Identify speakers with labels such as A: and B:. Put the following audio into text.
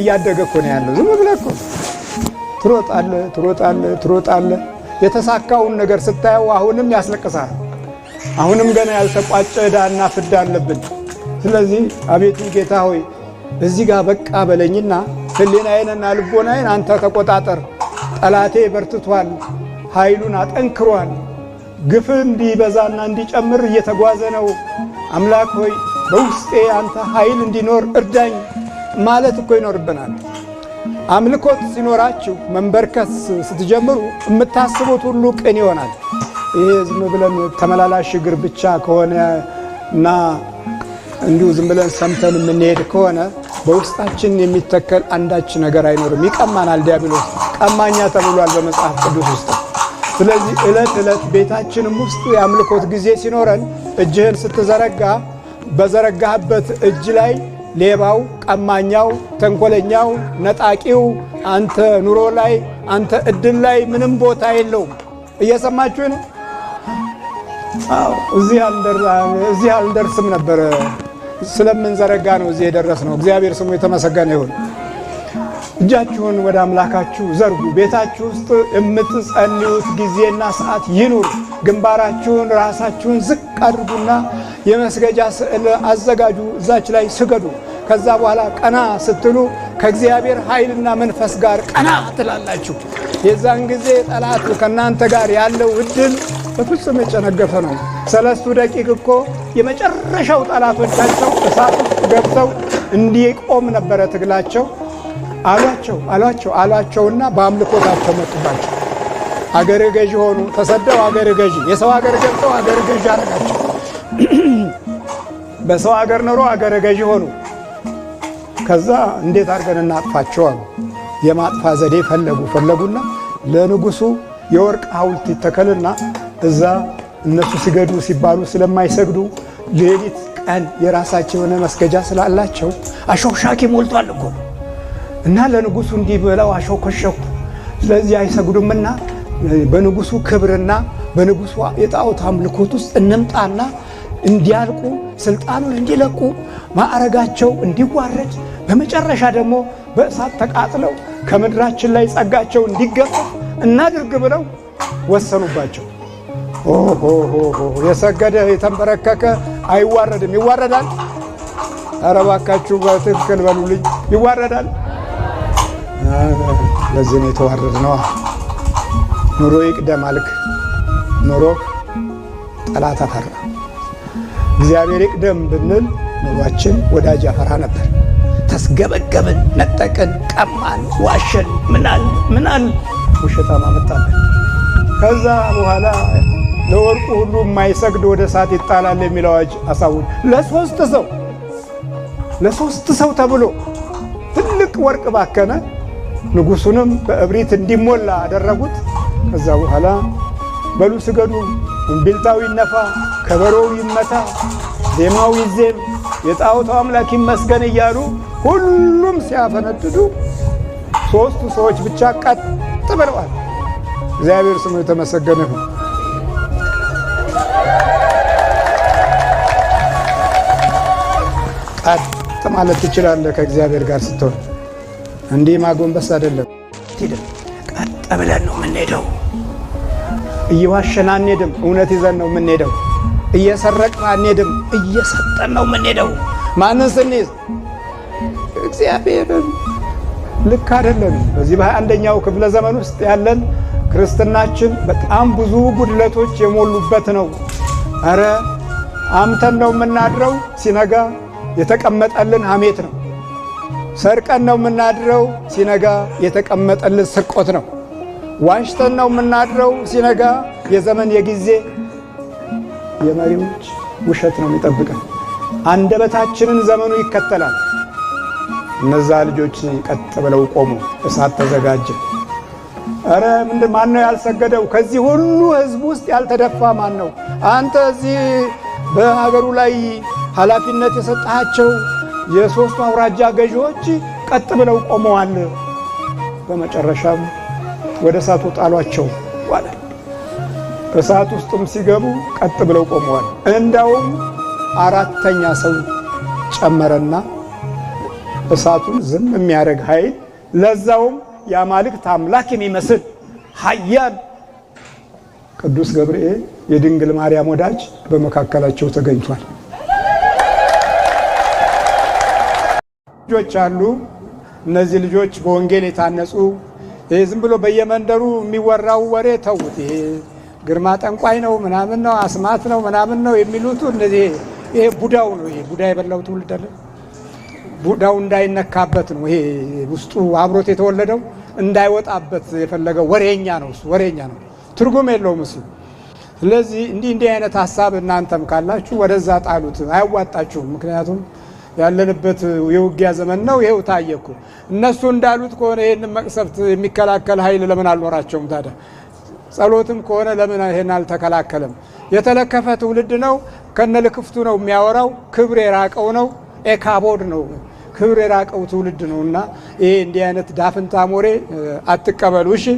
A: እያደገ እኮ ነው ያለው። ዝም ብለህ እኮ ትሮጣለህ ትሮጣለህ ትሮጣለህ። የተሳካውን ነገር ስታየው አሁንም ያስለቅሳል። አሁንም ገና ያልተቋጨ ዕዳና ፍዳ አለብን። ስለዚህ አቤቱ ጌታ ሆይ እዚህ ጋር በቃ በለኝና ሕሊናዬንና ልቦናዬን አንተ ተቆጣጠር። ጠላቴ በርትቷል፣ ኃይሉን አጠንክሯል፣ ግፍ እንዲበዛና እንዲጨምር እየተጓዘ ነው። አምላክ ሆይ በውስጤ አንተ ኃይል እንዲኖር እርዳኝ። ማለት እኮ ይኖርብናል። አምልኮት ሲኖራችሁ መንበርከስ ስትጀምሩ የምታስቡት ሁሉ ቅን ይሆናል። ይሄ ዝም ብለን ተመላላሽ እግር ብቻ ከሆነ እና እንዲሁ ዝም ብለን ሰምተን የምንሄድ ከሆነ በውስጣችን የሚተከል አንዳች ነገር አይኖርም። ይቀማናል። ዲያብሎስ ቀማኛ ተብሏል በመጽሐፍ ቅዱስ ውስጥ። ስለዚህ ዕለት ዕለት ቤታችንም ውስጥ የአምልኮት ጊዜ ሲኖረን እጅህን ስትዘረጋ በዘረጋህበት እጅ ላይ ሌባው፣ ቀማኛው፣ ተንኮለኛው፣ ነጣቂው አንተ ኑሮ ላይ አንተ እድል ላይ ምንም ቦታ የለውም። እየሰማችሁ ነው። እዚህ አልደርስም ነበር ስለምንዘረጋ ነው እዚህ የደረስ ነው። እግዚአብሔር ስሙ የተመሰገነ ይሁን። እጃችሁን ወደ አምላካችሁ ዘርጉ። ቤታችሁ ውስጥ የምትጸልዩት ጊዜና ሰዓት ይኑር። ግንባራችሁን ራሳችሁን ዝቅ አድርጉና የመስገጃ ስዕል አዘጋጁ፣ እዛች ላይ ስገዱ። ከዛ በኋላ ቀና ስትሉ ከእግዚአብሔር ኃይልና መንፈስ ጋር ቀና ትላላችሁ። የዛን ጊዜ ጠላት ከእናንተ ጋር ያለው እድል በፍጹም የጨነገፈ ነው። ሰለስቱ ደቂቅ እኮ የመጨረሻው ጠላቶቻቸው እሳት ውስጥ ገብተው እንዲቆም ነበረ ትግላቸው። አሏቸው አሏቸው አሏቸውና በአምልኮታቸው መጡባቸው። አገር ገዢ ሆኑ። ተሰደው አገር ገዥ የሰው አገር ገብተው አገር ገዢ አረጋቸው። በሰው አገር ኖሮ አገረ ገዢ ሆኑ። ከዛ እንዴት አድርገን እናጥፋቸው አሉ። የማጥፋ ዘዴ ፈለጉ ፈለጉና ለንጉሱ የወርቅ ሐውልት ይተከልና እዛ እነሱ ሲገዱ ሲባሉ ስለማይሰግዱ ሌሊት ቀን የራሳቸው የሆነ መስገጃ ስላላቸው አሾክሻኪ ሞልቷል እኮ እና ለንጉሱ እንዲህ ብለው አሾከሸኩ። ስለዚህ አይሰግዱምና በንጉሱ ክብርና በንጉሱ የጣዖት አምልኮት ውስጥ እንምጣና እንዲያልቁ ስልጣኑን እንዲለቁ ማዕረጋቸው እንዲዋረድ በመጨረሻ ደግሞ በእሳት ተቃጥለው ከምድራችን ላይ ጸጋቸው እንዲገፋ እናድርግ ብለው ወሰኑባቸው። የሰገደ የተንበረከከ አይዋረድም። ይዋረዳል? ኧረ እባካችሁ በትክክል በሉልኝ። ይዋረዳል? ለዚህ ነው የተዋረድ ነው። ኑሮ ይቅደም አልክ። ኑሮ ጠላት አፈራ። እግዚአብሔር ይቅደም ብንል ኑሯችን ወዳጅ ያፈራ ነበር። ተስገበገብን፣ ነጠቅን፣ ቀማን፣ ዋሸን፣ ምናል ምናል ውሸታም አመጣለን። ከዛ በኋላ ለወርቁ ሁሉ የማይሰግድ ወደ እሳት ይጣላል የሚል አዋጅ አሳወጁ። ለሶስት ሰው ለሶስት ሰው ተብሎ ትልቅ ወርቅ ባከነ። ንጉሱንም በእብሪት እንዲሞላ አደረጉት። ከዛ በኋላ በሉ ስገዱ፣ ነፋ። ከበሮው ይመታ፣ ዜማው ይዜም፣ የጣዖቱ አምላክ ይመስገን እያሉ ሁሉም ሲያፈነድዱ ሶስቱ ሰዎች ብቻ ቀጥ ብለዋል። እግዚአብሔር ስሙ የተመሰገነ ይሁን። ቀጥ ማለት ትችላለህ ከእግዚአብሔር ጋር ስትሆን። እንዲህ ማጎንበስ አይደለም። ቀጥ ብለን ነው የምንሄደው። እየዋሸን አንሄድም። እውነት ይዘን ነው የምንሄደው። እየሰረቅን አንሄድም፣ እየሰጠን ነው የምንሄደው። ማንን ስንይዝ? እግዚአብሔርን። ልክ አይደለም። በዚህ በአንደኛው ክፍለ ዘመን ውስጥ ያለን ክርስትናችን በጣም ብዙ ጉድለቶች የሞሉበት ነው። ኧረ አምተን ነው የምናድረው፣ ሲነጋ የተቀመጠልን ሐሜት ነው። ሰርቀን ነው የምናድረው፣ ሲነጋ የተቀመጠልን ስርቆት ነው። ዋሽተን ነው የምናድረው፣ ሲነጋ የዘመን የጊዜ የመሪዎች ውሸት ነው የሚጠብቀን። አንደበታችንን ዘመኑ ይከተላል። እነዛ ልጆች ቀጥ ብለው ቆሙ። እሳት ተዘጋጀ። እረ ምንድን ማን ነው ያልሰገደው? ከዚህ ሁሉ ህዝብ ውስጥ ያልተደፋ ማን ነው? አንተ እዚህ በሀገሩ ላይ ኃላፊነት የሰጣቸው የሦስቱ አውራጃ ገዢዎች ቀጥ ብለው ቆመዋል። በመጨረሻም ወደ እሳቱ ጣሏቸው። እሳት ውስጥም ሲገቡ ቀጥ ብለው ቆመዋል። እንዳውም አራተኛ ሰው ጨመረና እሳቱን ዝም የሚያደርግ ኃይል ለዛውም የአማልክት አምላክ የሚመስል ኃያል ቅዱስ ገብርኤል የድንግል ማርያም ወዳጅ በመካከላቸው ተገኝቷል። ልጆች አሉ። እነዚህ ልጆች በወንጌል የታነጹ ዝም ብሎ በየመንደሩ የሚወራው ወሬ ተውት። ግርማ ጠንቋይ ነው ምናምን ነው አስማት ነው ምናምን ነው የሚሉት እነዚህ ይሄ ቡዳው ነው። ይሄ ቡዳ የበላው ትውልድ አለ። ቡዳው እንዳይነካበት ነው ይሄ ውስጡ አብሮት የተወለደው እንዳይወጣበት የፈለገው ወሬኛ ነው። እሱ ወሬኛ ነው፣ ትርጉም የለውም እሱ። ስለዚህ እንዲህ እንዲህ አይነት ሀሳብ እናንተም ካላችሁ ወደዛ ጣሉት፣ አያዋጣችሁም። ምክንያቱም ያለንበት የውጊያ ዘመን ነው። ይሄው ታየኩ። እነሱ እንዳሉት ከሆነ ይህንን መቅሰፍት የሚከላከል ኃይል ለምን አልኖራቸውም ታዲያ? ጸሎትም ከሆነ ለምን ይሄን አልተከላከለም? የተለከፈ ትውልድ ነው። ከነልክፍቱ ነው የሚያወራው። ክብር የራቀው ነው። ኤካቦድ ነው። ክብር የራቀው ትውልድ ነው እና ይሄ እንዲህ አይነት ዳፍንታ ሞሬ አትቀበሉ እሺ።